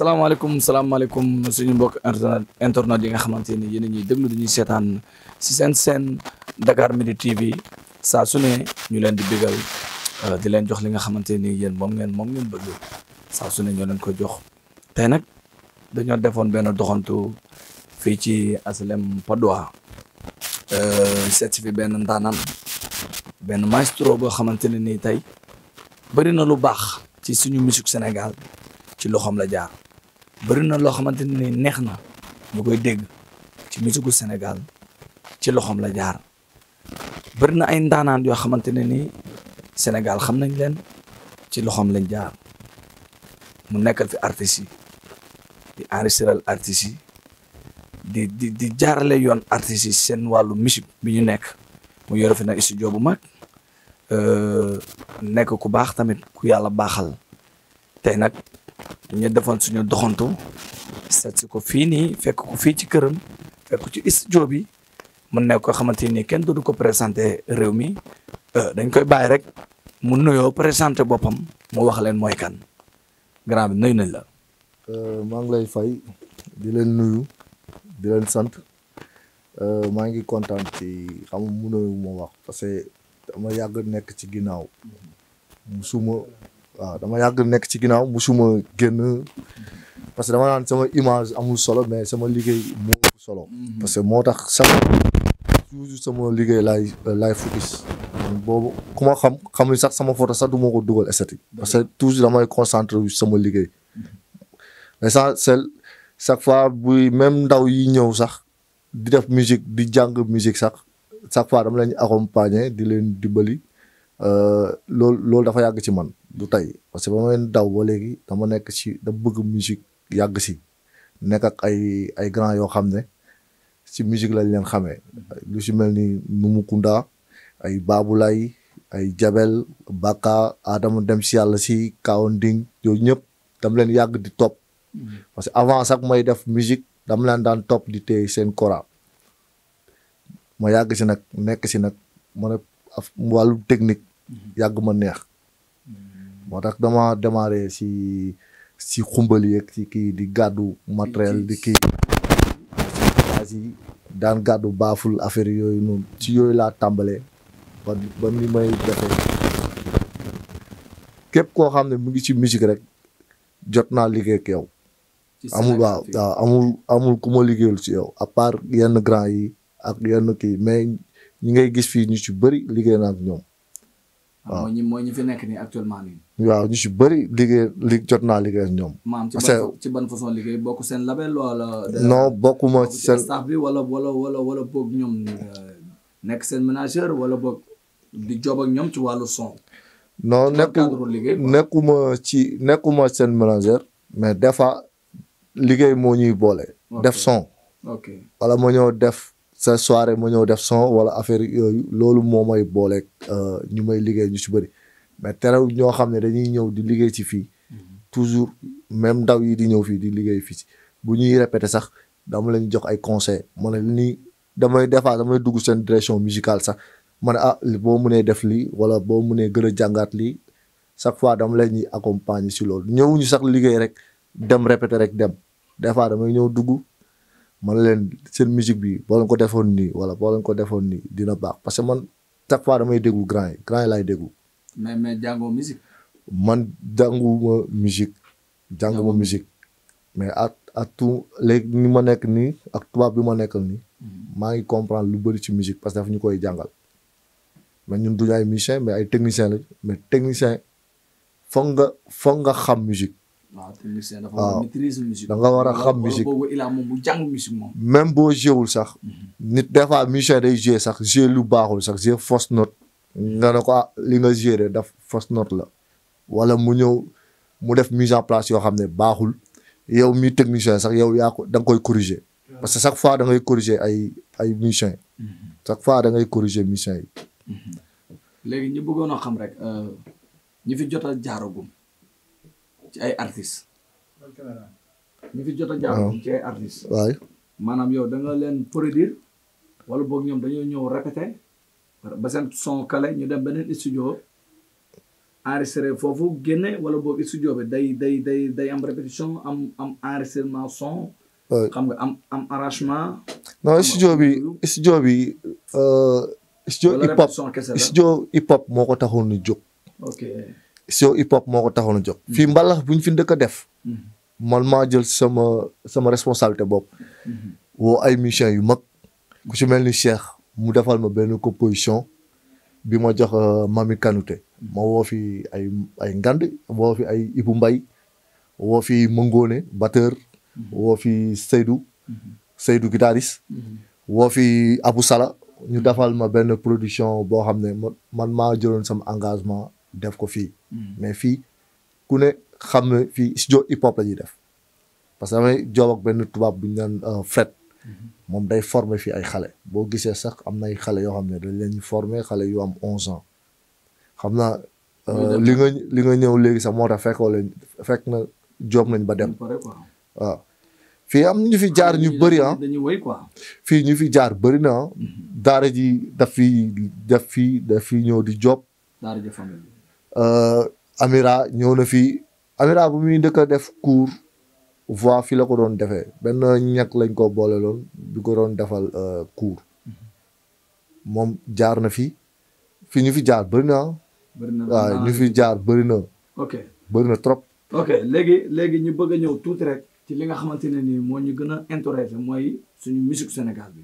salaamaaleykum salaamaaleykum suñu mbokk internet yi nga xamante ni yéen a ñuy déglu dañuy seetaan si seen seen Dakar Midi TV saa sune ñu leen di bégal euh, di leen jox li nga xamante nii yéen moom ngeen moom ngeen bëgg saa su ne ñoo leen ko jox. tey nag dañoo defoon benn doxantu fii ci HLM Patte d'Oie euh, seet si fi benn ndaanaan benn maestro boo xamante ne nii tey bëri na lu baax ci suñu musique Sénégal ci loxom la jaar. bari na loo xamante ni neex na mu koy dégg ci musique Sénégal ci loxoom la jaar bari na ay ndaanaan yoo xamante ne ni Sénégal xam nañ leen ci loxoom lañ jaar mu nekkal fi artistes di enregistrer artistes yi di jaarale yoon artistes seen wàllu musique bi ñu nekk mu yore fi nag studio bu mag euh, nekk ku baax tamit ku yàlla baaxal tey ñu defoon suñu doxantu seet si ko fii nii fekk ko fii ci këram fekk ci studio bi mu nekk ko xamante ni kenn du ko présenté réew mi euh, dañ koy bàyyi rek mu nuyoo présenté boppam mu wax leen mooy kan grand bi nuyu nañ la. Euh, maa ngi lay fay di leen nuyu di leen sant euh, maa ngi kontaan ci xam mënoo mu wax parce que dama yàgg nekk ci ginnaaw musuma waaw dama yàgg nekk ci ginnaaw musuma génn parce que dama naan sama image amul solo mais sama liggéey moo solo. Mhm. parce que moo tax sama toujours sama liggéey laay laay focus. boobu ku ma xam xam sax sama photo sax du ma ko dugal esthétique. parce que toujours damay concentre wu sama liggéey. l'essentiel mhm. chaque fois buy même ndaw yi ñëw sax di def musique di jàng musique sax chaque fois dama leen accompagner di leen di bëli loolu euh, loolu dafa yàgg ci man du tey parce que ba may daw ba léegi dama nekk si da bëgg musique yàgg si nekk ay ay grand yoo xam ne si musique lañ leen xame lu si mel ni Numukunda ay Baabulay ay Jabel Bakka Adama dem si yàlla si Kawanding yooyu ñëpp dam leen yàgg di top parce que avant sax may def musique dam leen daan topp di téye seen kora ma yàgg si nag nekk si nag ma ne wàllu technique yàgg ma neex moo tax dama démarré si si xumbal yeeg si kii di gàddu matériel di kii daan gàddu baaful affaire yooyu noonu ci yooyu laa tàmbalee ba ba ni may defee képp koo xam ne mu ngi si musique rek jot naa liggéey ak yow amul waaw waaw amul amul ku ma liggéeyul si yow à part yenn grand yi ak yenn kii mais ñu ngay gis fii ñu si bari liggéey naa ak ñoom waaw mooy ñi mooy ñi fi nekk nii actuellement nii. waaw ñu si bëri liggéey li jot naa liggéey ak ñoom. maam ci ban ci façon liggéey bokk seen label wala. non bokkuma ci seen staff bi wala wala wala wala boog ñoom euh, nekk seen manager wala boog di job ak ñoom ci wàllu son. non nekkuma ci nekkuma seen manager. mais des fois liggéey moo ñuy boole. def son. ok wala ma def. sa soirée ma ñëw def son wala affaire yooyu loolu moo may booleeg euh, ñu may liggéey ñu si bëri mais terew ñoo xam ne dañuy ñëw di liggéey ci fii mm-hmm. toujours même ndaw yi di ñëw fii di liggéey fii si bu ñuy répété sax dama leen jox ay conseil ma ne nii damay defaa damay dugg seen direction musicale sax ma ne ah boo mënee def lii wala boo munee gën a jàngaat lii chaque fois dama leen ñuy accompagner si loolu ñëwuñu sax liggéey rek dem répété rek dem des fois damay ñëw dugg man leen seen musique bi boo leen ko defoon nii wala boo leen ko defoon nii dina baax parce que man chaque fois damay déglu grand yi grand yi laay déglu. mais mais jàngoo musique. man jànguma musique. jànguma musique mais at à tout léegi ni ma nekk nii ak tubaab bi ma nekkal nii. Mm-hmm. maa ngi comprendre lu bëri ci musique parce que dafa ñu koy jàngal. mais ñun duñu ay musiciens mais ay techniciens lañ mais technicien foog nga foog nga xam musique. waaw te musicien dafa war a da nga war a xam musique boobu bu jàng musique même boo jéewul sax. Mhm. nit des fois musicien day jouer sax jouer lu baaxul sax jouer fausse note. nga ne ko ah li nga jouer de daf fausse note la. wala mu ñëw mu def mise en place yoo xam ne baaxul yow mi technicien sax yow yaa ko da nga koy corriger. parce que chaque fois da ngay corriger ay ay musiciens. Mhm. chaque fois da ngay corriger musiciens yi. Mhm. léegi ñu bëggoon a xam rek euh, ñu fi jot a jaaragum. ci ay artistes. ñu fi jot a jàpp ci ay artistes. waay maanaam yow da nga leen produire wala boog ñoom dañoo ñëw répété ba seen son kale ñu dem beneen studio enregistré foofu génne wala boog studio bi day day day day am répétition am am enregistrement son. xam nga am am arrangement. non studio bi studio bi euh, studio hip hop studio hip hop moo ko taxoon ni jóg. show hip moo ko taxoon a jóg. Mm. fii mbalax bu ñu fi ndëkk a def. Mm. man maa jël sama sama responsabilité bopp. Mm-hmm. woo ay musiciens yu mag. ku ci mel ni Cheikh mu defal ma benn composition bi ma jox euh, Mami Kanouté. Mm. ma woo ay ay Ngand woo fi ay Ibou mbay woo fi Mangone batteur. Mm-hmm. woo fi Seydou. Mm-hmm. Seydou guitariste. woo fi Abou Sala. ñu defal ma benn production boo xam ne man maa jëloon sama engagement. def ko fii. Hmm. mais fii ku ne xam ne fii studio hip hop la ñuy def parce que damay joob ak benn tubaab bu ñu naan euh, Fred. Hmm. moom day former fii ay xale. boo gisee sax am na ay xale yoo xam ne dañ leen ñu former xale yu am onze ans xam naa. Euh, li nga li nga ñëw léegi sax moo tax fekkoo leen fekk na joob nañ ba dem. am ñu fi jaar ñu bëri ah. dañuy woy fii ñu fi jaar bëri na ah. hmm. daara ji daf fi daf fii daf fi ñëw di job daara ji famille Euh, Amira ñëw na fi Amira bu muy njëkk a def cours voix fii la ko doon defee benn ñekk lañ ko boole loon bi ko doon defal euh, cours moom jaar na fi fi ñu fi jaar bëri na ah. waaw ah. ñu fi jaar bëri na ok bëri na trop ok léegi léegi ñu bëgg a ñëw tuuti rek ci li nga xamante ne nii moo ñu gën a intéressé mooy suñu musique Sénégal bi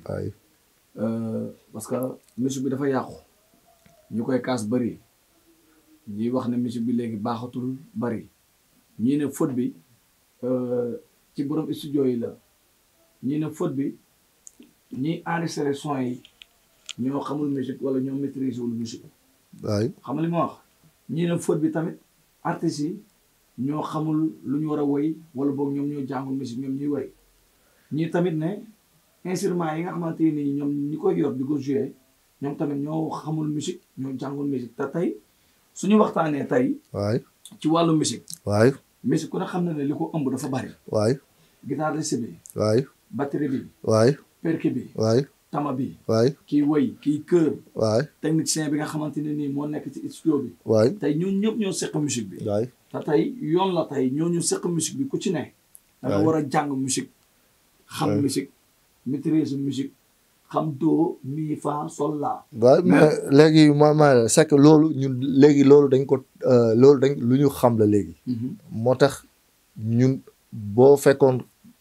euh, parce que musique bi dafa yàqu ñu koy kaas bëri ñuy wax na musique bi léegi baaxatul bari ñii ne faute bi euh, ci borom la ñii ne faute bi ñiy enregistré son yi ñoo xamul musique wala ñoo maîtriser wul musique waay xam li ma wax ñii ne faute bi tamit artistes yi ñoo xamul lu ñu war a woy wala boog ñoom ñoo jàngul musique ñoom ñuy woy ñii tamit ne instruments yi nga xamante ni ñoom ñi koy yor di ko joué ñoom tamit ñoo xamul musique ñoo jàngul musique te tey suñu waxtaanee tey. waay ci wàllu musique. waay musique ku ne xam na ne li ko ëmb dafa bari. waay guitariste bi. waay batterie bi. waay percu bi. waay tama bi. waay kii woy kii kër. waay technicien bi nga xamante ne nii moo nekk ci studio bi. waay tey ñun ñëpp ñoo seq musique bi. waay te tey yoon la tey ñoo ñu seq musique bi ku ci ne. da war a jàng musique. xam musique maîtrise musique. xam doo mi fa sol la. waaw mais léegi ma ma loolu ñun léegi loolu dañ ko euh, loolu dañ lu ñu xam la léegi. Mhm. moo tax ñun boo fekkoon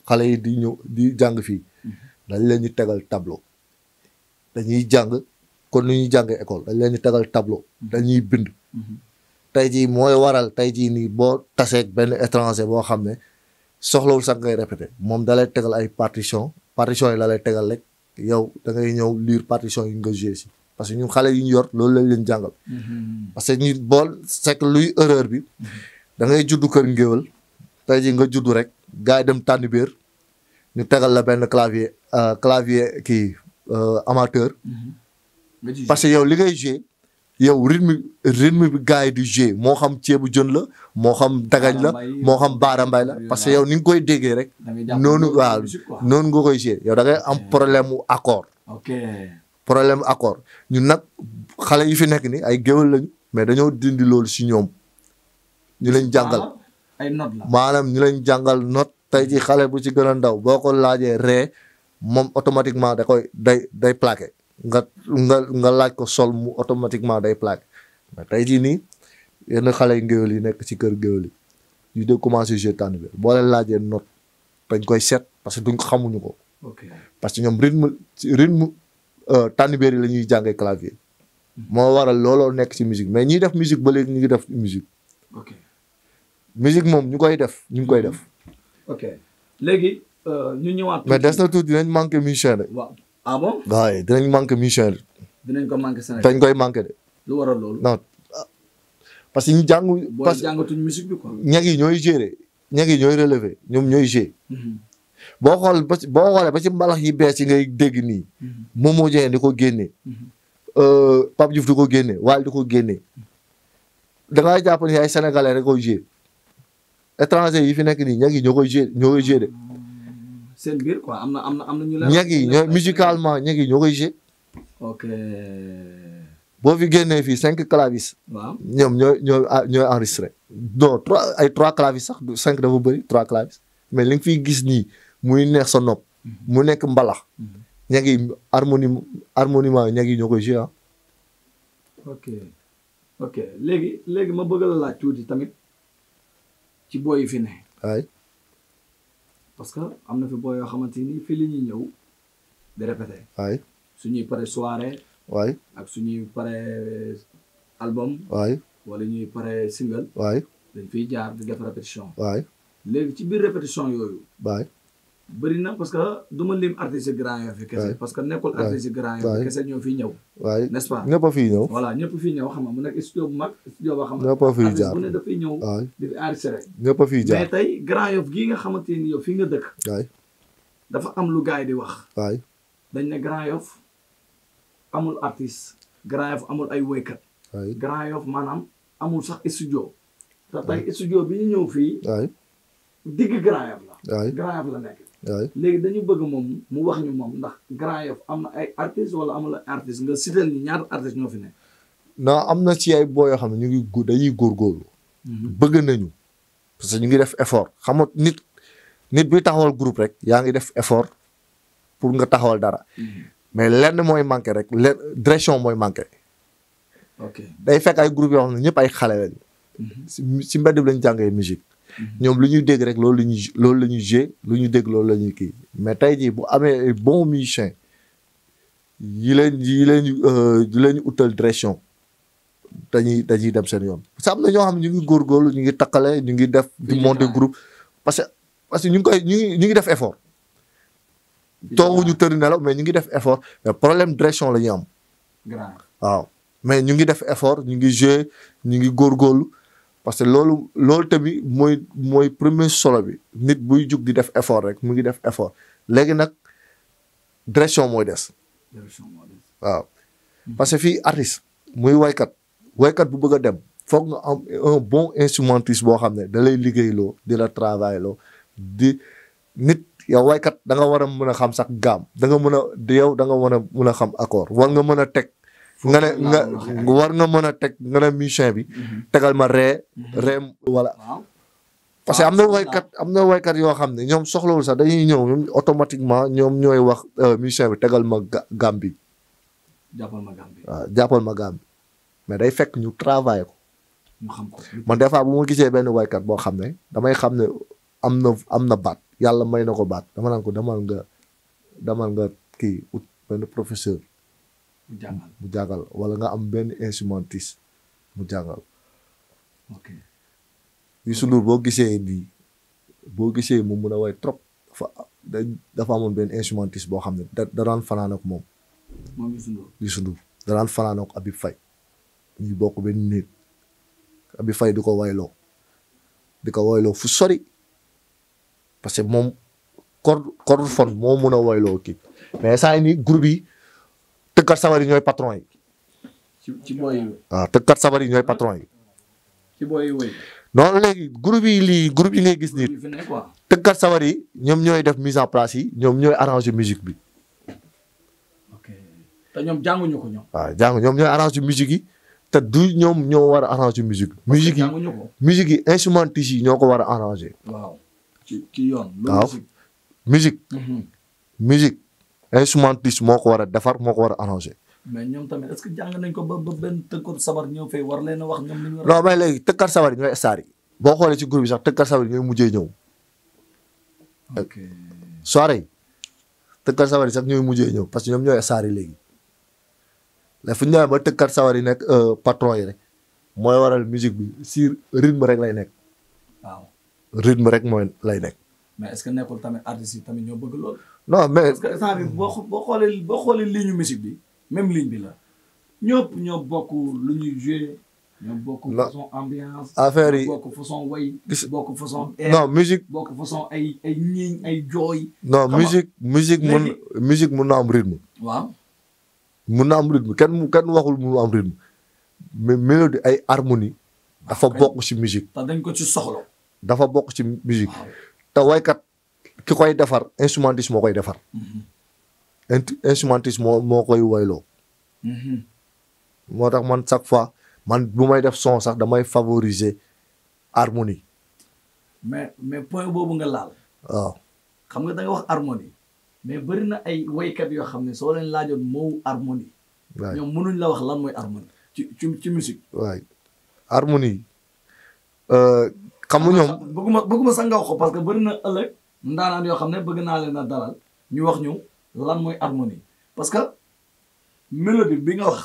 xale yi di ñëw di jàng fii. Mhm. dañ leen di tegal tableau. dañuy jàng kon nu ñuy jàng école dañ leen di tegal tableau. Mhm. dañuy bind. tey jii mooy waral tey jii nii boo taseeg benn étranger boo xam ne soxlawul sax ngay répété moom da lay tegal ay partition partition yi la lay tegal rek. yow da ngay ñëw lire partition yi nga joué si parce que ñu xale yi ñu yor loolu lañ leen jàngal. Mm-hmm. parce que ñu bool c'est que luy erreur bi mm-hmm. da ngay juddu kër ngéwal tey ji nga juddu rek gars yi dem tànn biir ñu tegal la benn clavier euh, clavier kii euh, amateur. Mm-hmm. parce que yow li ngay joué. yow rythme rythme bi gars yi di joué moo xam ceebu jën la moo xam dagañ la moo xam baara mbay la parce que yow ni nga koy déggee rek noonu waaw noonu nga koy joué yow da ngay am problème mu accord problème accord ñun nag xale yi fi nekk ni ay géwél lañu mais dañoo dindi loolu si ñoom ñu lañ jàngal maanaam ñu lañ jàngal note tey ci xale bu ci gën a ndaw boo ko laajee ree moom automatiquement da koy day day plaqué nga nga nga laaj ko sol mu automatiquement day plaqué mais tey jii nii yenn xale yu ngéwél yi nekk ci kër géwél yi yu de commencé jeu tànnibéer boole leen laajee note dañ koy seet parce que duñ ko xamuñu ko. parce que ñoom rythme rythme euh, tànnibéer yi la ñuy jàngee clavier. moo waral looloo nekk ci musique mais ñuy def musique ba léegi ñu ngi def musique. ok musique moom ñu koy def ñu ngi koy def. ok léegi euh, mais des na tuuti dinañ manqué musicien rek. waaw ah bon. waaye dinañ manqué mission bi. dinañ ko manqué Sénégal dañ koy manqué de. lu waral loolu. non parce que ñu jàngu. parce que boo ñag yi ñooy gérer ñag yi ñooy relever ñoom ñooy gérer. Mm-hmm. boo xool ba boo xoolee ba ci mbalax yi bees yi ngay dégg nii. moom mm-hmm. moo di ko génne. Mm-hmm. Euh, Pape Diouf ko génne Waly di ko génne. da ngay jàpp ni ay sénégalais reko koy gérer étranger yi fi nekk nii ñag yi ñoo koy gérer ñoo koy gérer. seen biir quoi am am na am na ñu la. ñegi ñoo musicalement ñegi ñoo koy jouer. boo fi génnee fii cinq clavis. waaw ñoom ah, ñooy ñooy ñooy trois ay trois clavis sax du cinq dafa bëri trois clavis mais li nga fiy gis nii muy neex sa nopp. Mhm. mu nekk mbalax. Mhm. ñegi harmonie harmoniement ñegi ñoo koy jouer ah. ma bëgg la tamit ci booy fi ne. parce que am na fi boo yoo xamante ni fii la ñuy ñëw di répété. waay suñuy pare soirée. waay ak suñuy pare album. waay wala ñuy pare single. waay dañ fiy jaar di def répétition. waay léegi ci biir répétition yooyu. waay bëri na parce que du ma lim artiste grand yoo fi kese parce que nekkul artiste grand yoo fi kese ñoo fi ñëw waay n'est-ce pas a fi ñëw voilà ñëpp fi ñëw xam nga mu nekk studio bu mag studio boo xam nga ñëpp a fi jaar bu ne dafay ñëw waay di ñëpp fi jaar mais tey grand yof gii nga xamante ni yow fi nga dëkk waay dafa am lu gars yi di wax waay dañ ne grand yof amul artiste grand yof amul ay woykat grand yof maanaam amul sax studio te tey studio bi ñu ñëw fii digg grand yof la grand yof léegi dañu bëgg moom mu wax ñu moom ndax Grand Yoff am na ay artistes wala amul artiste nga sital ni ñaata artistes ñoo fi ne non am na ci ay boo yoo xam ne ñu ngi dañuy góorgóorlu mhm. bëgg nañu parce que ñu ngi def effort xam nit nit bi taxawal groupe rek yaa ngi def effort pour nga taxawal dara mhm. mais lenn mooy manqué rek lenn direction mooy manqué ok day fekk ay groupe yoo xam ne ñëpp ay xale lañu mhm. si mbedd bi lañ jàngee musique Mm-hmm. ñoom lu ñuy dégg rek loolu la ñuy loolu la ñuy joué lu ñu dégg loolu la ñuy kii mais tey jii bu amee ay bon musicien yi leen yi leen yi euh, leen utal direction dañuy dañuy dem seen yoon parce am na ñoo xam ne ñu ngi góorgóorlu ñu ngi takkale ñu ngi def du monter groupe parce que parce que ñu ngi koy ñu ngi ñu ngi def effort tooguñu tëri nelaw mais ñu ngi def effort problème direction la ñu am waaw mais ñu ngi def ñu ngi góor góorlu parce que loolu loolu tamit mooy mooy premier solo bi nit buy jug di def effort rek mu ngi def effort léegi nag direction mooy des. waaw. Hmm. parce que fii artiste muy waykat waykat bu bëgg a dem foog nga am un bon instrumentiste boo xam ne dalay lay liggéeyloo di la travail loo di nit yow waykat da war a mën a xam sax gaam da nga mën a yow da nga war a mën a xam accord war nga mën a teg nga ne nga war nga mën a teg nga ne musicien bi mhm. tegal ma ree mhm. ree wala parce que am na waykat am na waykat yoo xam ne ñoom soxlawul sax dañuy ñëw ñoom automatiquement ñoom ñooy wax euh, musicien bi tegal ma gambi jàppal ma gambi waaw jàppal mais day fekk ñu travaillé ko man des bu ma gisee benn waykat boo xam ne damay xam ne am na am na baat yàlla may na ko baat dama naan ko demal nga demal nga kii ut benn professeur mu jàngal wala nga am benn instrumentiste mu jàngal. ok Youssou boo gisee nii boo gisee mu mun a way trop dafa amoon benn instrumentiste boo xam ne da daan fanaan ak moom. moom Youssou Ndour Youssou da daan fanaan ak Habib ñu bokk benn néeg Habib Faye di ko wayloo di ko wayloo fu sori parce que moom kor cordophone moo mun a wayloo kii mais saa ni groupe yi. tëkkat sabar yi ñooy patron yi. ci ci booy yi. waaw ah, tëkkat sabar yi ci booy yi léegi groupe lii groupe yi ngay gis nii. tëkkat sabar yi ñoom ñooy def mise en place yi ñoom ñooy arranger musique bi. ok te ñoom jànguñu ko ñoom. Ah, yi te du ñoom ñoo war a arranger musique bi. musique yi musique yi ñoo ko war a arranger. waaw ci ci instrumentiste moo ko war a defar moo ko war a arrangé. mais ñoom tamit est jàng nañ ko ba ba benn tëkkat sabar ñëw fay war leen a wax ñoom. ñu non mais léegi tëkkat sabar yi ñooy boo xoolee ci groupe bi sax tëkkat sabar yi ñooy mujjee ñëw. yi sax ñooy mujjee ñëw parce que ñoom ñooy star yi fu ñu demee ba tëkkat sabar yi nekk euh, patron yi rek mooy waral musique bi si rythme rek lay nekk. waaw rythme rek mooy lay nekk. mais est ce que nekkul tamit artistes tamit ñoo bëgg lool. non mais parce que instant bii boo boo xoolee boo xoolee ligne bi même ligne bi la ñëpp ñoo bokk lu ñuy joué. ñoo bokk façon ambiance. affaire yi bokk façon way. bokk façon air non musique bokk façon ay ay ay jooy. no musique musique mun musique mun na am rythme. mun na am rythme kenn kenn waxul mun am rythme mais ay harmonie. dafa ah, bokk ci musique. te dañ ko ci soxla. dafa bokk ci musique ah. te waykat. ki koy defar instrumentiste moo koy defar. instrumentiste moo moo koy woyloo. moo tax man chaque fois man bu may def son sax damay favorisé harmonie. mais mais point boobu nga laal. waaw xam nga da wax harmonie. mais bëri na ay woykat yoo xam ne soo leen laajoon moo harmonie. waay ñoom mënuñ la wax lan mooy harmonie. ci ci ci musique. waay harmonie. Euh, xam nga ñoom bëgguma bëgguma sax wax parce que bëri na ndaanaan yoo xam ne bëgg naa leen a dalal ñu wax ñu lan mooy harmonie parce que mélodie bi nga wax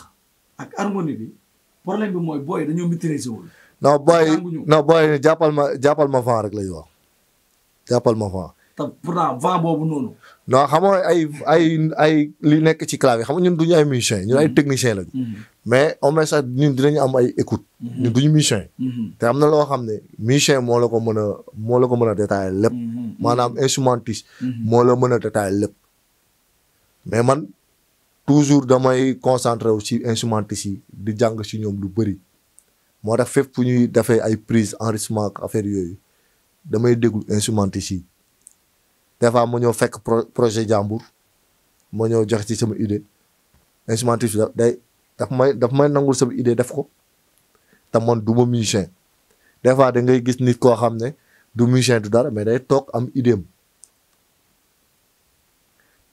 ak harmonie bi problème bi mooy booy dañoo maîtriser wul. non booy boy jàppal ma jàppal ma fan rek la wax jàppal ma fan. te pourtant vent boobu noonu. non xam nga ay ay ay li nekk ci clavier xam nga ñun du ñu ay musiciens ñun ay mm-hmm. techniciens lañu. Mm-hmm. mais au moins sax ñun dinañu am ay écoute. Mm-hmm. ñun du ñu musiciens. te am na loo xam ne musicien moo la ko mën a moo la ko mën a détaillé lépp. maanaam instrumentiste. moo la mën a détaillé lépp. mais man toujours damay concentré wu ci instrumentiste yi di jàng ci ñoom lu bëri. moo tax fépp fu ñuy defee ay prise enregistrement ak affaire yooyu damay déglu instrumentiste yi. des fois ma ñëw fekk projet jàmbur moo ñëw joxe ci sama idée instrumentif bi day daf may daf may nangul sama idée def ko te man du ma musicien des fois da ngay gis nit koo xam ne du musicien du dara mais day toog am idée am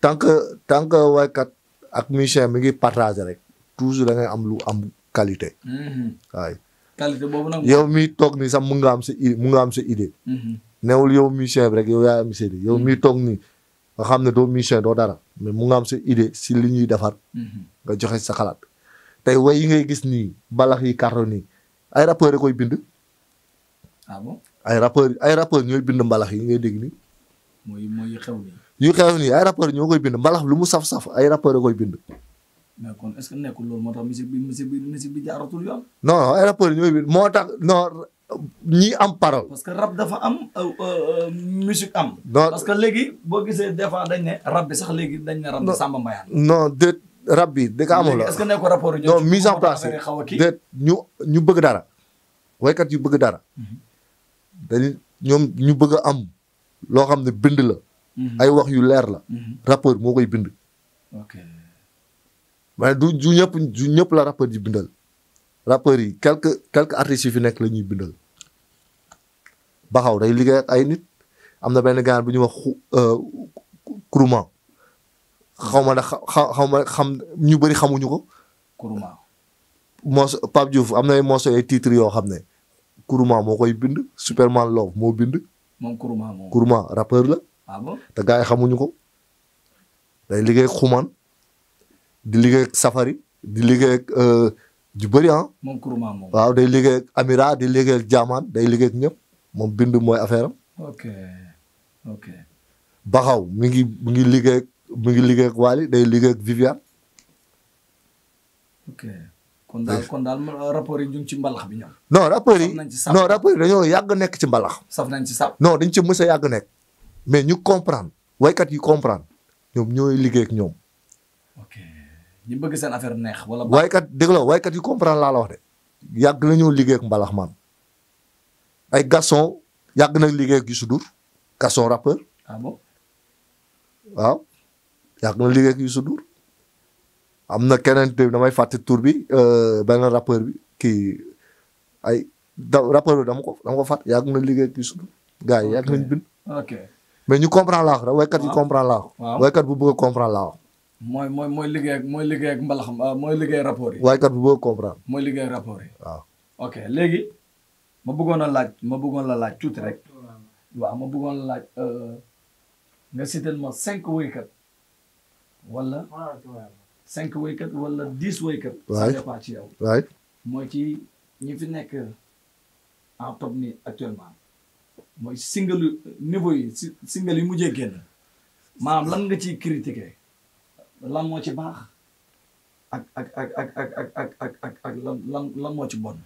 tant que tant que ak musicien mi ngi partager rek toujours da ngay am lu am qualité. Mm-hmm. waaye qualité yow mi toog ni sax mu nga am sa idée mu nga am mm-hmm. sa idée. newul yow musicien bi rek yow yaa musicien hmm. nii nga ne doo musicien doo dara mais mu nga sa idée si li ñuy defar hmm. nga joxe sa xalaat tey way yi ngay gis nii balax yi carton ay rappeurs koy bind ah bon ay rappeurs ay rappeurs ñooy bind mbalax yi ngay dégg nii mooy mooy yu xew nii ay rappeurs ñoo koy bind mbalax lu mu saf-saf ay rappeurs koy bind mais kon est-ce non ay rappeurs ñooy bind moo tax non ñi am parole. parce que rab dafa am euh, euh, musique am. parce que léegi boo gisee des fois dañ ne rap bi sax léegi dañ ne rap bi Samba Mbayaan. non déet rap bi da nga amul. est que nekkul rapport yi non mise en place déet ñu ñu bëgg dara. waykat yu bëgg dara. Mhm. dañu ñu bëgg a am loo xam ne bind la. Mhm. ay wax yu leer la. Mhm. rappeur moo koy bind. ok. mais du du ñëpp du ñëpp la rappeur di bindal. rappeurs yi quelques quelques artistes yu fi nekk la ñuy bindal baxaw day liggéey ak ay nit am na benn gaan bu ñuy wax euh, kuruma xaw ma ndax xaw ma xam ñu bëri xamuñu ko. kuruma. mos Pape Diouf am na ay morceaux ay titres yoo xam ne kuruma moo koy bind Superman Love moo bind. moom kuruma moom la. ah yi xamuñu ko. day liggéey ak xuman di liggéey ak safari di liggéey ak. Euh, ju bëri ah. moom Kourouma moom. waaw day liggéey ak Amira di liggéey Jaamaan day liggéey ñëpp moom bind mooy affaire Baxaw mi ngi mu ngi liggéey ak ngi liggéey ak day liggéey ak Viviane. ok kon daal kon daal rapport ñu ngi ci mbalax bi ñoom. non rapport yi non rapport yi dañoo yàgg nekk ci mbalax. saf nañ ci saf. dañ ci mës a yàgg nekk. mais ñu comprendre waykat yi comprendre ñoom ñooy liggéey ak ñoom. ñi bëgg seen affaire neex wala. waaykat dégloo waaykat yu comprendre laa la yàgg nañoo liggéey ak mbalax maan ay yàgg na liggéey ak Youssou Ndour garçon rappeur. ah bon waaw na keneen te damay fàtte tur bi euh, benn rappeur bi kii ay da rappeur ko dama yàgg na liggéey ak Youssou Ndour gars yi ñu comprendre laa wax rek bu bëgg a comprendre mooy mooy mooy liggéey ak mooy liggéey ak mbalax ah, mooy liggéey rapport yi. waaykat bu bëgg comprendre. mooy liggéey rapport waaw ok léegi ma bëggoon a laaj ma bëggoon la laaj tuuti rek waaw ma bëggoon laaj euh, nga sitel ma cinq waykat wala cinq waykat wala dix waykat. waay ça ci yow. mooy ci ñi fi nekk en top ni actuellement mooy single niveau yi single yi mu jee génn maanaam lan nga ciy critiquer. lan moo ci baax ak ak ak ak ak ak ak ak ak lan lan lan moo ci bon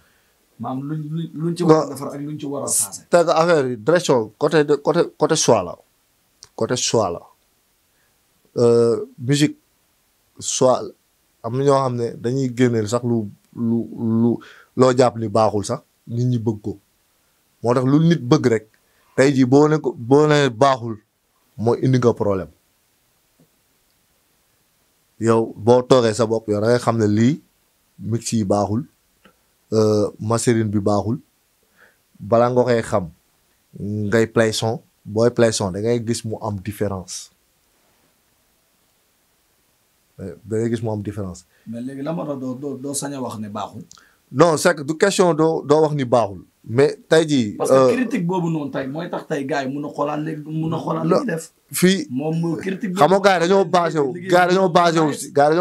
maam luñ luñ ci war a defar ak ci war a changé. teg affaire yi direction côté côté côté choix la côté choix la euh, musique choix am na ñoo xam ne dañuy génneel sax lu lu loo jàpp ni baaxul sax nit ñi bëgg ko moo tax lu nit bëgg rek tey jii boo ne ko boo ne baaxul moo indi nga problème. yow boo toogee sa bopp yow da xam ne lii mix yi baaxul euh, mastering bi baaxul balaa nga koy xam ngay play booy play son da ngay gis mu am différence da ngay gis mu am différence. mais léegi la ma doo doo sañ wax ne baaxul. non c'est que du question doo doo wax ni baaxul. mais tey jii. parce que euh, critique boobu noonu tey mooy tax yi mun a xoolaat fii moom mooy critique xam nga gars yi dañoo basé wu dañoo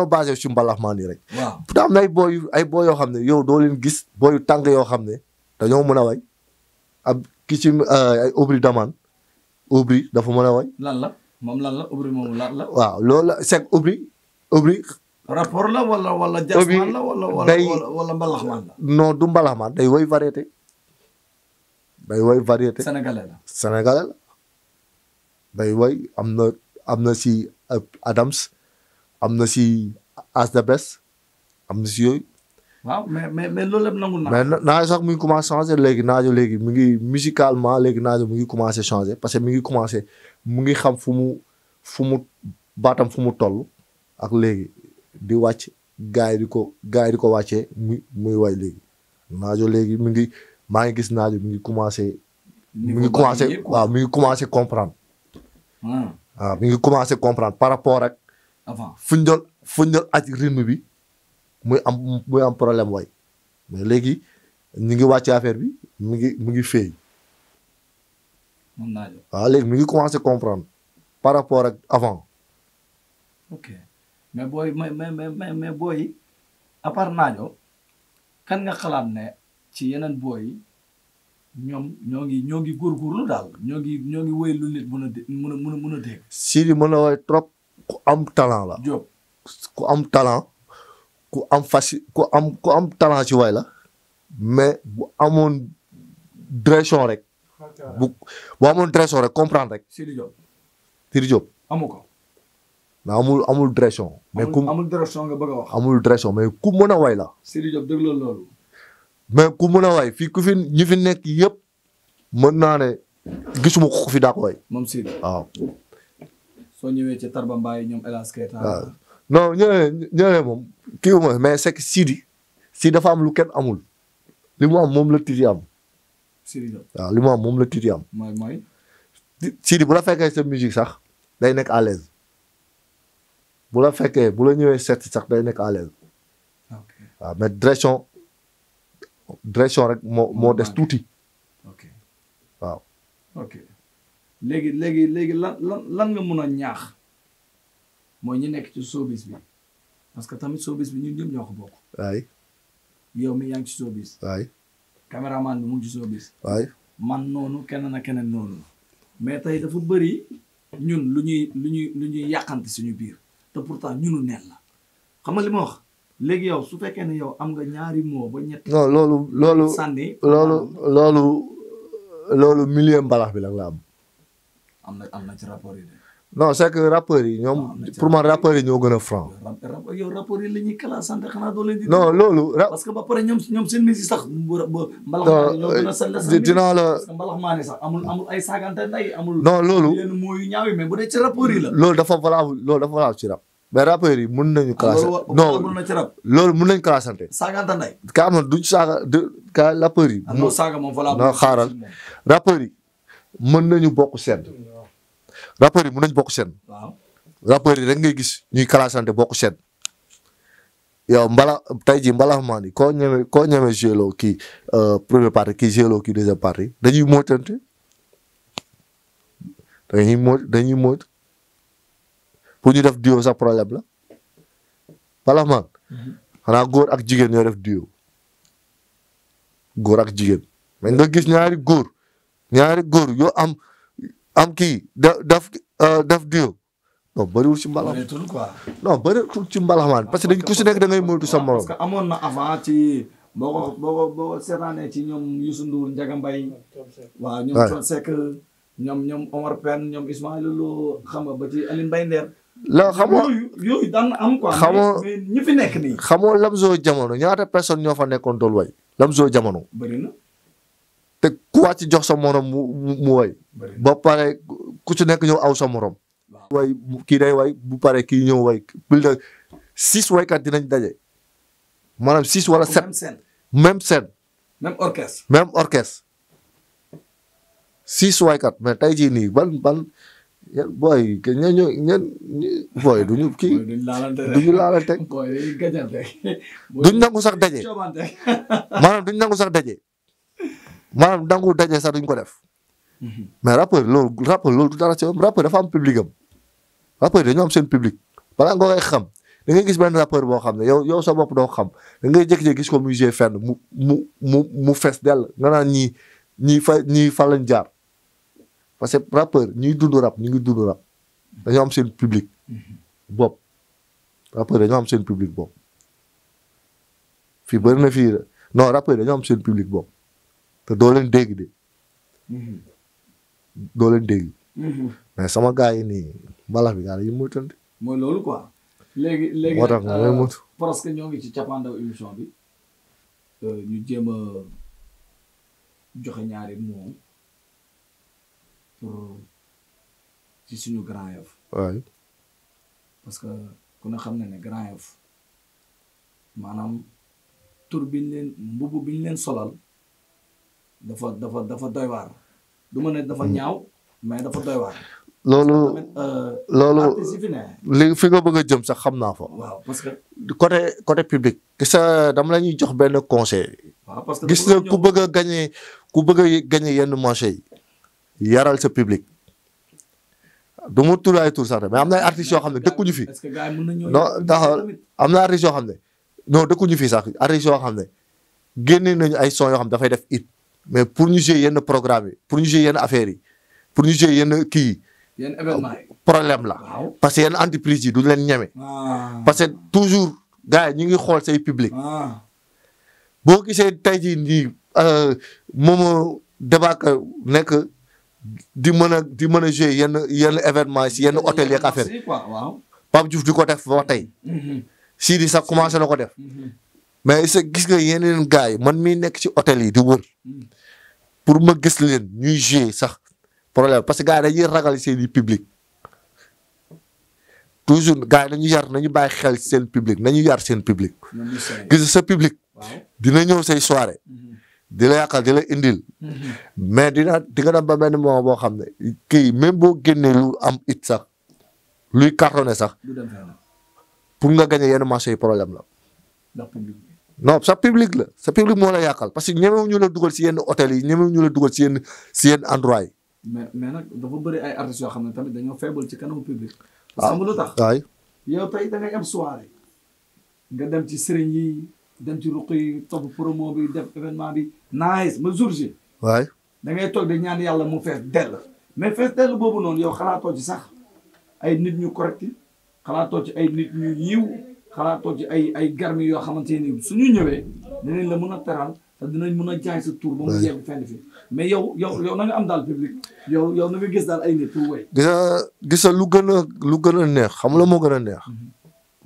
basé si gars rek. waaw pourtant am ay booy ay booy yoo xam ne yow doo leen gis booy yu tàng yoo xam ne dañoo mën a way ab ki ci euh, ay Obri dafa mën a way. lan la moom lan la Obri moomu lan rapport la wala wala. jasmaan la wala wala wala mbalaxmaan la. du mbalaxmaan day woy variété. day woy variété. sénégalais la sénégalais day woy am na am na si Adams am na si As the Best am na si yooyu. waaw mais mais mais loolu lépp naa. sax mu ngi commencé changé léegi naajo léegi mu ngi musicalement léegi naajo mu ngi commencé changé parce que mu ngi commencé mu ngi xam fu mu fu mu baatam fu mu toll ak léegi. di wàcc gars di ko gars yi di ko wàccee muy muy way léegi naajo léegi mi ngi maa ngi gis naajo mi ngi commencé mi ngi commencé waaw mi ngi commencé comprendre hmm. waaw mi ngi commencé comprendre par rapport ak fu ñu doon fu ñu doon bi muy am muy am problème way mais léegi ñu ngi wàcc affaire bi mi ngi mi ngi feey waaw léegi mi ngi commencé comprendre par rapport ak avant mais booy mais mais booy à part naajo kan nga xalaat ne ci yeneen booy ñoom ñoo ngi ñoo ngi góorgóorlu daal ñoo ngi ñoo ngi wéy lu nit mën a dé mën a mën a mën a dégg. Sidi woy trop ku am talent la. Diop ku am talent ku am faci ku am ku ci way la mais bu amoon direction rek. bu bu amoon direction rek comprendre rek. Sidi amu ko. mais amul amul direction. mais ku amul direction nga bëgg a wax. amul direction mais ku mën a way la. Sidi Diop déglu mais ku mën a way fii ku fi ñi fi nekk yëpp mën naa ne gisuma ku fi daa ko way. moom Sidi ñëwee ci Tarba Mbaye ñoom El Hadj Keita. waaw moom kii mais c'est que Sidi si dafa am lu kenn amul li am moom la Titi am. li mu am moom la Titi am. mooy mooy. Sidi bu la fekkee sa musique sax day nekk à l'aise bu la fekkee bu la ñëwee seet sax day nekk ah, à l'aise waaw mais direction direction rek moo moo des tuuti waaw. ok léegi léegi léegi lan lan lan nga mun a ñaax mooy ñu nekk ci showbiz bi parce que tamit showbiz bi ñun ñëpp ñoo ko bokk. waay. yow mi yaa ngi ci showbiz. waay. caméraman bi mu ngi ci showbiz. waay man noonu keneen ak keneen noonu. mais tey dafa bëri ñun lu ñuy lu ñuy lu ñuy yàqante suñu biir. te pourtant ñunu neen xam nga li ma wax léegi yow su fekkee ne yow am nga ñaari moo ba ñett. non loolu loolu sànni. loolu loolu loolu mbalax bi la nga am. am na am na ci rapport yi non c'est que rappeurs yi ñoom pour man rappeurs ñoo gën a franc. non loolu. parce que ba pare ñoom ñoom seen sax. mbalax ñoo dinaa la maa ne sax amul ay saagante nday amul. non loolu loolu dafa valable loolu dafa valable ci rap. mais rappeurs yi mun nañu. Ah, classé non loolu mun nañu classante. saagante nday. ka du saaga du ka rappeurs yi. Ah, non saaga moom valable. non xaaral rappeurs yi mën nañu bokk sedd. rappeurs yi mën nañ bokk seen. waaw rappeurs yi rek ngay gis ñuy classante bokk seen. yow mbala tey ji mbalax maa ni koo ñeme koo ñeme gélo kii euh, première partie kii gélo kii deuxième partie dañuy moytante dañuy moyt dañuy moyt ñu def duo sax problème la mbalax maan mm-hmm. xanaa góor ak jigéen ñoo def duo góor ak jigéen mais nga gis ñaari góor ñaari góor yoo am am kii da daf euh, daf diw non bëriwul ci mbalax. bëriwul quoi. non bëriwul ci mbalaxmaan parce que dañ ku si nekk da ngay moytu sa morom. amoon na avant ci boo ko seetaanee ci ñoom Youssou Ndour Ndiaga Mbaye. ñoom Thione Seck ñoom ñoom Omar Pène ñoom Ismaïla Lô xam nga ba ci Alioune Mbaye Nder. la xamoo yooyu daan am quoi. xamoo ñi fi nekk nii. xamoo Lamzo jamono ñaata personne ñoo fa nekkoon tool way Lamzo jamono. bëri ku ci jox sa morom mu mu way ba pare ku ci nekk ñëw aw sa morom. way kii day way bu pare kii ñëw way plus de six waykat dinañ daje maanaam six wala sept même scène même scène même orchestre même orchestre six waykat mais tey jii nii ban ban booy ña ñu ñan du ñu kii du ñu laalante duñ nangu sax daje maanaam duñ nangu sax daje maa dangu daje sax duñ ko def. Mhm. mais rappeur loolu rappeur loolu du dara dafa am public am rappeur am seen public balaa nga koy xam da ngay gis benn rappeur boo xam ne yow yow sa bopp doo xam da ngay jékki-jékki gis ko fenn mu mu mu mu fees dell nga naan ñii ñii fa ñii fa lañ jaar parce que rappeur ñuy dund rap ñu ngi dund rap dañoo am seen public mhm. bopp rappeur dañoo am seen public bopp fii bëri na fii non rappeur dañoo am seen public bop te doo dégg de. Mhm. doo dégg. Mhm. mais sama gars yi nii mbalax bi daal yi muy mooy loolu quoi. léegi léegi moo tax mooy motu. Euh, parce que ñoo ngi ci cappaandaw émission bi euh, ñu jéem a joxe ñaari moom pour ci suñu Grand Yoff. parce que ku ne xam na ne Grand Yoff maanaam tur biñ leen mbubb biñ leen solal. dafa dafa dafa doy waar du ma ne dafa hmm. ñaaw mais dafa doy waar. loolu euh, loolu li fi nga bëgg jëm sax xam naa fa. waaw parce que. côté côté public. gis dama la ñuy jox benn conseil. waaw gis nga ku bëgg a gagné ku bëgg a yenn marché yi yaral sa public. du mu tur ay tur sax mais am na ay yoo xam ne dëkkuñu fi. est-ce que gars yi mën nañoo non ndax am xam ne non dëkkuñu fi sax artistes yoo xam ne génnee nañu ay son yoo xam ne dafay def it. mais pour ñu jouer yenn programme yi pour ñu jouer yenn affaires yi pour ñu jouer yenn kii yenn événement problème la. parce que yenn entreprise yi duñ leen ñeme. Ah. parce que toujours gars yi ñu ngi xool say public. Ah. boo gisee tey jii nii euh, moom débat nekk di mën a di mën a jouer yenn yenn événement si yenn hôtel yeeg affaire yi. Pape di ko def ba tey. Mhm. Sidi sax commencé la ko def. Mhm. mais est gis nga yeneen gars yi man mii nekk ci hôtel yi di wër hmm. pour ma gis leen ñuy jouer sax problème parce que gars yi ragal seen i public toujours gars yi nañu yar nañu bàyyi xel seen public nañu yar seen public. gis sa public. dina ñëw say soirée. Hmm. dina la yàqal di indil. Hmm. mais dina di nga dem ba benn moment boo xam ne kii même boo génnee lu am it sax luy cartonné sax. pour nga gagné yenn marché yi problème la. non sa public la sa public moo la yàqal parce que ñemewu ñu la dugal si yenn hôtel yi ñemewu ñu la dugal si yenn si yenn endroit yi. mais mais nag dafa bëri ay artistes yoo xam ne tamit dañoo faible ci kanamu public. waaw ah, xam lu tax waay. yow tey da ngay nga dem ci sëriñ yi dem ci ruq yi topp promo bi def événement bi nice ma jour ji. waay da ngay toog de ñaan yàlla mu fees dell. mais fees dell boobu noonu yow xalaatoo ci sax ay nit ñu correct xalaatoo ci ay nit ñu yiw. xalaatoo ci ay ay garmi yoo xamante ni suñu ñëwee dinañ la mën a teral te dinañ mën a jaay sa tur ba mu yegg fenn fi mais yow yow yow am daal public yow yow na gis daal ay nit pour way gisa gisa lu gën a lu gën a neex xam la moo gën a neex mhm.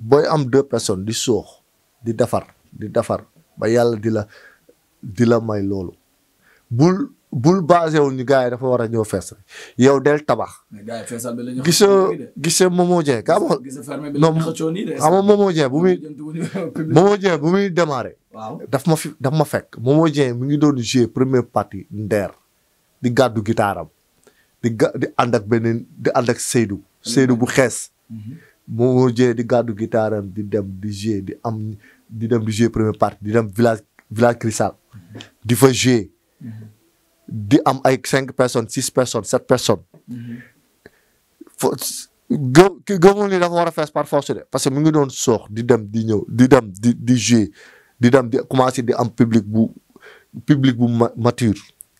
booy am deux personnes di soox di defar di defar ba yàlla di la di la may loolu bul bul basé wu ñu gars yi dafa war a ñëw fees yow del tabax. gisa gisoo Momo Dieng kaa ma. non xam nga Momo bu muy. Momo Dieng bu muy démarré. ma fi ma fekk Momo Dieng mu ngi doon jouer première partie ndeer di gàddu gitaaram di ga di ànd ak beneen di bu xees. Mhm. Momo Dieng di gàddu gitaaram di dem di jouer di am di dem di jouer première partie di dem village village Cristal mhm. di fa jouer. Mhm. di am ay cinq personnes six personnes sept personnes. fo gë gëmul ni dafa war a fees par force de parce que mu ngi doon soox di dem di ñëw di dem di di jouer di dem di commencé di am public bu public bu mature.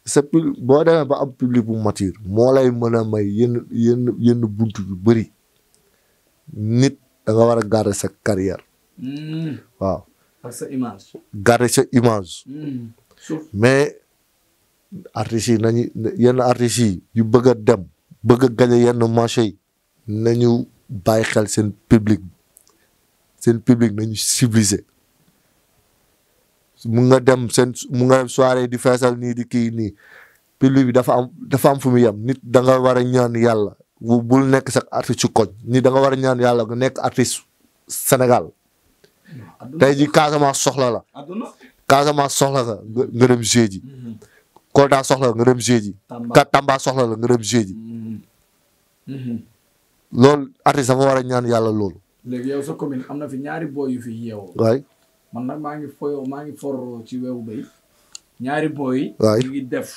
c'est boo demee ba am public bu mature moo lay mën a may yenn yenn yenn bunt yu bëri nit danga war a garder sa carrière. Hmm. waaw. ak sa image. Hmm. mais. artistes yi nañu yenn yi yu bëgg a dem bëgg a gañe yenn marché yi nañu bàyyi xel seen public seen public nañu civilisé mu nga dem seen mu nga dem di feesal nii di kii nii public bi dafa am dafa am fu mu nit da nga war a ñaan yàlla bul nekk sax artiste ci koñ nit da war a ñaan yàlla nga nekk artiste senegal te ji Casamance soxla la Casamance soxla la nga dem ji Kolda soxla nga dem jouer ji. Tamba Tamba soxla la nga dem jouer ji. Mm-hmm. Mm-hmm. loolu artiste dafa war a ñaan yàlla loolu. léegi yow sa commune am na fi ñaari booy yu fi yeewoo. waay man nag maa ngi foyoo maa ngi for ci wewu bay ñaari booy. waay ñu ngi def.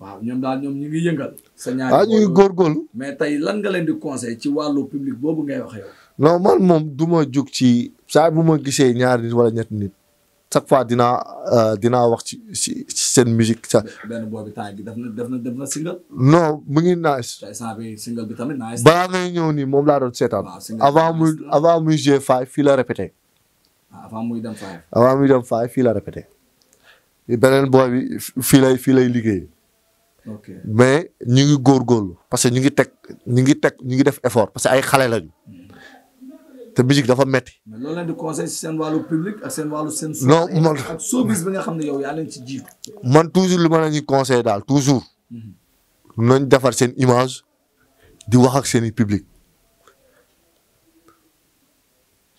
waaw ñoom daal ñoom ñu ngi yëngal. sa ñaari ah ñu ngi góorgóorlu. mais tey lan nga leen di conseil ci wàllu public boobu ngay wax yow. non man moom du ma ci saa bu ma gisee ñaari nit wala ñetti nit. chaque fois dinaa euh, dinaa wax ci ci seen musique sax. benn boobu temps bi daf na daf na daf na single. non mu ngi nice. single bi tamit nice. balaa ngay ñëw nii moom laa doon seetaan. avant muy avant muy jouer five fii la répété. Ah, avant muy dem five. avant muy dem fii la répété. beneen booy bi fii lay fii lay liggéey. ok mais ñu ngi góor góorgóorlu parce que ñu ngi teg ñu ngi teg ñu ngi def effort parce que ay xale lañu. Hmm. te musique dafa metti mais loolu seen wàllu seen wàllu seen. non man ak service nga xam ne yow yaa leen ci jiitu. man toujours li ma leen di conseil daal toujours. Mhm. nañ defar seen image di wax ak seen i public.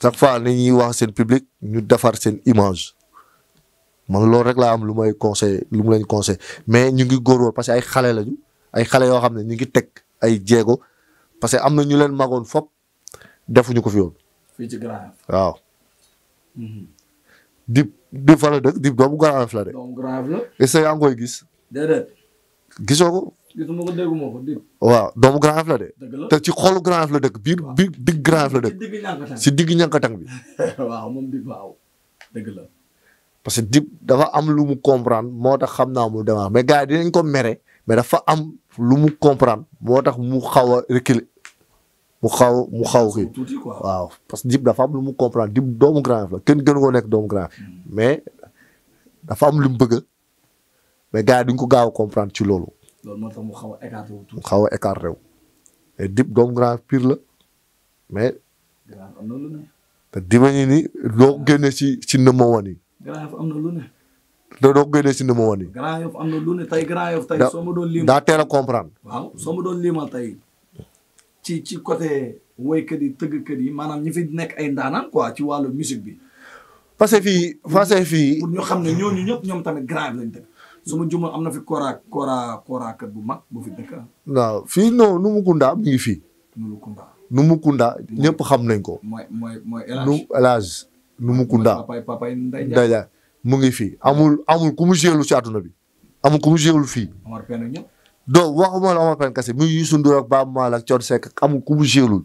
chaque fois ni ñuy wax seen public ñu defar seen image man loolu rek laa am lu may conseil lu mu leen conseil mais ñu ngi góorgóorlu parce que ay xale lañu ay xale yoo xam ne ñu ngi teg ay jéego parce que am na ñu leen magoon fop defuñu ko fi yoon. fii ci Grand Yoff waaw. dib mhm. dib fa la dëkk dib doomu Grand Yoff la de. doomu Grand Yoff la. est-ce gisoo ko. waaw doomu Grand Yoff de. te ci xolu Grand Yoff dëkk biir biir digg Grand Yoff dëkk. si digg ñànkatang bi. waaw dib dafa am lu mu comprendre moo tax xam naa mu demee mais gars yi dinañ ko mere mais dafa am lu mu comprendre moo tax mu xaw a mu xaw mu xaw xii waaw parce que Dip dafa am lu mu comprendre Dip doomu Grand Yoff la kenn gën koo nekk doomu Grand Yoff hmm. mais dafa am lu mu bëgg mais gars yi duñ ko gaaw a comprendre ci loolu. loolu mu xaw a écarté wu. xaw a écarté wu te Dip doomu Grand Yoff pire la mais. ni doo génne ci ci nëmm woon yi. Grand Yoff daa teel comprendre. ci ci côté woykat yi tëggkat yi maanaam ñi fi nekk ay ndaanaan quoi ci wàllu musique bi. parce que fii parce que pour ñu xam ne ñooñu ñëpp ñoom tamit grand lañ dëkk. su ma jumal am na fi kora kora korakat bu mag bu fi dëkk waaw fii non Numukunda mi ngi fii. Numukunda Numukunda ñëpp xam nañ ko. mooy mooy mooy El nu El Hadj Numukunda. papay mu ngi fii amul amul ku mu jéelu ci àdduna bi. amul ku mu jéelu fii. donc waxuma la Omar Pène kese muy Youssou Ndour ak Baaba Maal ak Thione Seck amul ku mu jéelul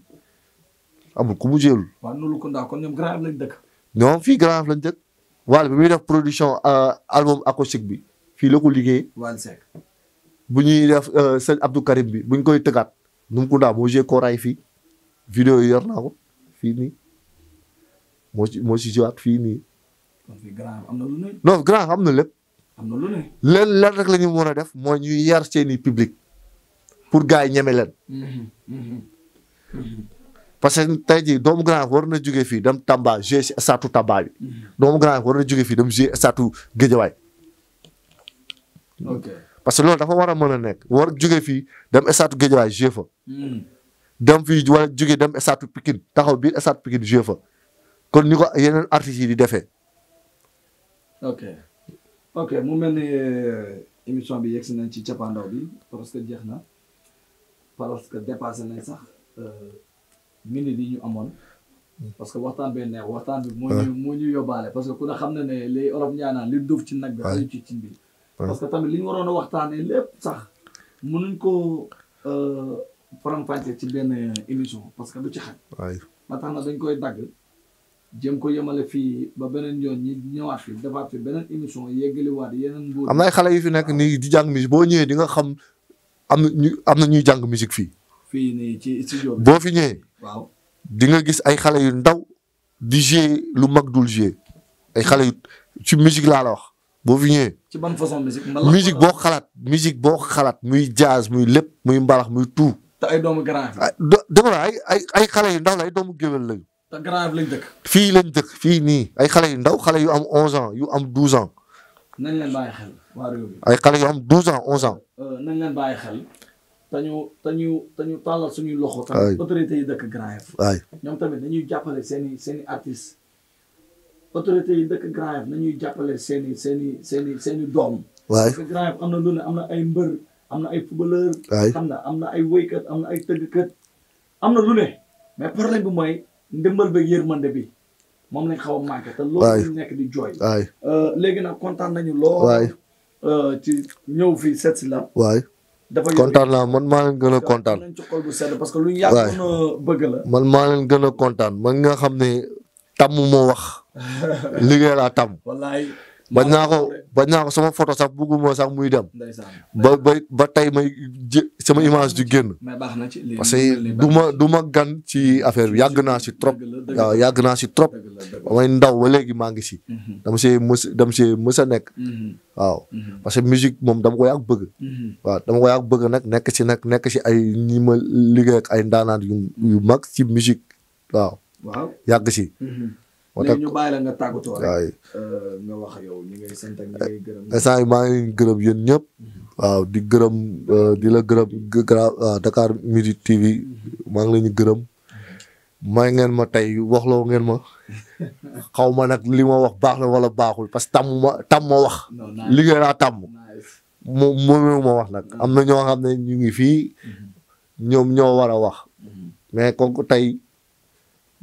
ku mu jéelul. waaw noonu kon Grand Yoff lañ dëkk. fii Grand Yoff lañ dëkk. bi muy def production euh, album bi fii la liggéey. Wally bu ñuy def euh, sëñ Abdou Karim bi bu ñu koy tëggaat Numukunda moo jiyee kooraay fii. vidéo yi yor naa ko fii nii moo ci ci jiwaat fii nii. non Grand Yoff na lépp. am na lu ne leen leen rek la ñu a def mooy ñuy yar seeni public pour gars yi ñeme leen. Mm-hmm. Mm-hmm. Mm-hmm. parce que tey jii doomu grand war na jóge fii dem Tamba jouer si stade Tamba bi. doomu grand war jóge fii dem jouer stade Guédiawaye. parce que loolu dafa war a mën a nekk war jóge fii dem stade Guédiawaye jouer fa. fii war a jóge dem stade Pikine taxaw biir stade Pikine jouer fa kon ni ko yeneen artistes yi di defee. ok mu mel ni eh, émission bi yegg si nañ ci cappaandaw bi parce que jeex na parce que dépassé nañ sax euh, minutes yi ñu amoon parce que waxtaan bee neex waxtaan bi moo ñu moo ñu yóbbaale parce que ku ne xam na ne li Europe ñaanaan li duuf ci nag bi ayu ci cin bi parce que tamit li ñu waroon a waxtaanee lépp sax mënuñ ko euh, faram-fàccee ci benn euh, émission parce que du ci xaj ba tax na dañ koy dagg jëm ko yemale fii beneen yoon ñi ñëwaat fi defaat fi beneen yeneen am na ay xale yu fi nekk nii di jàng musique boo ñëwee di nga xam am na ñu am na ñuy jàng musique fii. fii nii ci studio boo fi ñëwee. waaw di nga gis ay xale yu ndaw di jouer lu mag dul jouer ay xale yu ci musique laa boo fi ñëwee. ci ban façon musique boo xalaat musique boo xalaat muy jazz muy lépp muy mbalax muy tu te ay doomu grand ay ay ay xale yu ndaw la ay doomu géwel lañu. te Grand Yoff fii lañ dëkk fii nii ay xale yu ndaw xale yu am 11 ans yu am 12 ans. nañ leen bàyyi xel waa réew mi. ay euh, nañ leen bàyyi xel. dañu dañu dañu tàllal suñuy loxo. waay autorités dëkk Grand Yoff. waay ñoom tamit dañuy jàppale seen i seen i dëkk Grand Yoff nañuy jàppale seen i seen i seen doom. waay Grand Yoff am na lu ne am na ay mbër am na ay footballeur. waay na am na ay woykat am na ay tëggkat am na lu ne mais problème bi mooy. ndimbal beeg yërmande bi moom lañ xaw a manqué. te loolu ñu nekk di jooy. waay euh, léegi nag kontaan nañu lool. waay euh, ci ñëw fii seet si la. waay kontaan naa man maa leen gën a kontaan. Euh, man maa leen gën a kontaan man nga xam ne tàmm moo wax liggéey laa tàmm. bañ naa ba bañ naa ko sama photo sax bugguma sax muy dem. ba ba ba tey may sama image di génn. parce que du ma du ma gan ci affaire bi yàgg naa si trop. yàgg naa si trop. ndaw ba léegi maa ngi si. Mhm. dama see mës dama nekk. Mhm. waaw mhm. parce que musique moom dama ko yàgg bëgg. waaw dama bëgg nag nekk si nag nekk si ay ñi liggéey ay ndaanaan yu yu mag si musique waaw. si. moo tax ñu nga tàggatoo euh, wax yow ñu ngay sant gërëm. Eh, instant ñëpp. Mm-hmm. waaw di gërëm euh, di la gërëm gra euh, Dakar TV mm-hmm. maa ngi leen gërëm. may ngeen ma tey waxloo ngeen ma xaw ma nag li ma wax baax na wala baaxul parce que tàmm ma tàmm ma wax. liggéey naa tàmm. moom moom ma wax nag mm-hmm. am na ñoo xam ne ñu ngi fii ñoom ñoo war a wax. mais kon tey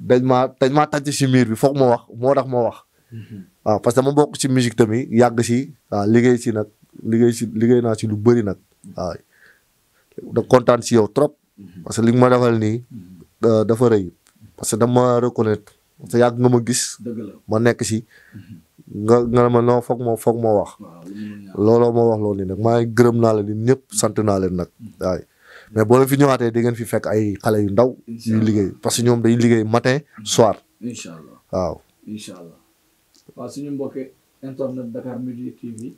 dañ maa dañ maa tànc si miir bi foog ma wax moo tax ma wax. Mhm. waaw parce que ma bokk si musique tamit yàgg si liggéey si nag liggéey si liggéey naa si lu bëri nag waaw da kontaan si yow trop. Mhm. parce que li ma defal nii mhm. euh, dafa rëy parce que dama reconnaître parce yàgg nga ma gis. ma nekk si. nga nga ma non foog moo foog moo wax. looloo moo wax loolu nii nag maa gërëm naa leen ñëpp sant naa leen nag waaye. mais boo fi ñëwaatee di ngeen fi fekk ay xale yu ndaw. yuy liggéey parce que ñoom dañuy liggéey matin soir. incha allah waaw. incha allah waaw suñu mbokki internet Dakar Midi TV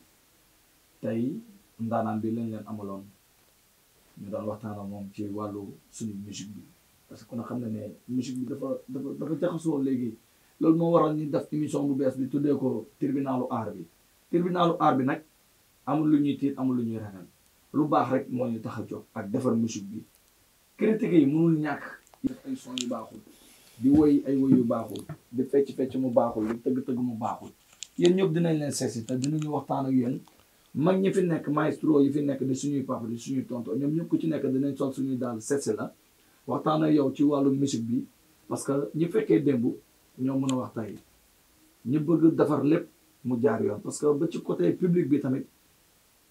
tey ndaanaan bi lañ leen amaloon ñu doon waxtaan moom ci wàllu suñu musique bi parce que kon xam na ne musique bi dafa dafa dafa jaxasoo léegi loolu moo waroon ñu def émission bu bees bi tuddee ko tribunalu aar bi tribunalu aar bi nag amul lu ñuy tiit amul lu ñuy ragal. lu baax rek moo ñu tax a jóg ak defar musique bi critique yi mënul ñàkk def ay son yu baaxul di woy ay woy yu baaxul di fecc-fecc mu baaxul di tëgg-tëgg mu baaxul yéen ñëpp dinañ leen seesi te dinañu waxtaan ak yéen mag ñi fi nekk maestro yi fi nekk di suñuy papa di suñuy tonto ñoom ñëpp ku ci nekk dinañ sol suñuy daal seesi la waxtaan ak yow ci wàllu musique bi parce que ñi fekkee démb ñoo mën a waxtaan yi ñi bëgg defar lépp mu jaar yoon parce que ba ci bi tamit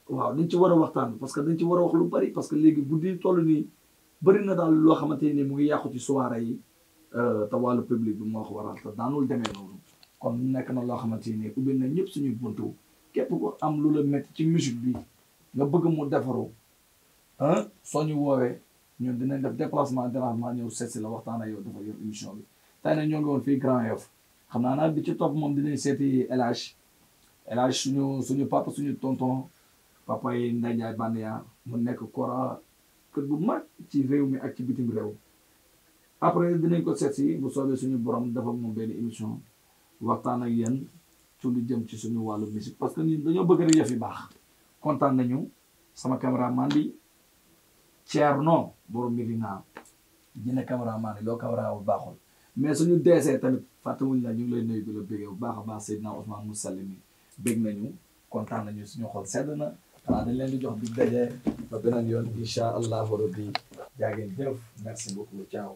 waaw dañ ci war a waxtaan parce que dañ ci war a wax lu bari parce que léegi guddi toll nii bëri na daal loo xamante ni mu ngi yàqu ci soirée yi euh, te wàllu public bi moo ko waral te daanul demee noonu kon nekk na loo xamante ni ubbi na ñëpp suñuy buntu képp ko am lu la métti ci musique bi nga bëgg mu defaru ah soo ñu woowee ñun dinañ def déplacement dérangement ñëw seet si la waxtaan ak yow dafa yor émission bi tey nag ñoo ngi woon fii Grand Yoff xam naa naa bi ci topp moom dinañ seeti El Hadj El suñu suñu papa suñu tonton. papa yi Ndeye Ndiaye mu nekk kora kër bu mag ci réew mi ak ci bitim réew après dinañ ko seet si bu soobee suñu borom dafa mu benn émission waxtaan ak yéen ci lu jëm ci suñu wàllu musique parce que nii dañoo bëgg rek yëf yi baax kontaan nañu sama cameraman bi Thierno borom Medina jine cameraman yi loo camera bu baaxul mais suñu deesee tamit fàttewuñ la ñu ngi lay nuyu di la bégee bu baax a baax Seydina Ousmane Moussa mi bég nañu kontaan nañu suñu xol sedd na waaw dañ leen di jox dig daje ba beneen yoon incha allahu rabbi jaa ngeen jëf merci lu caaw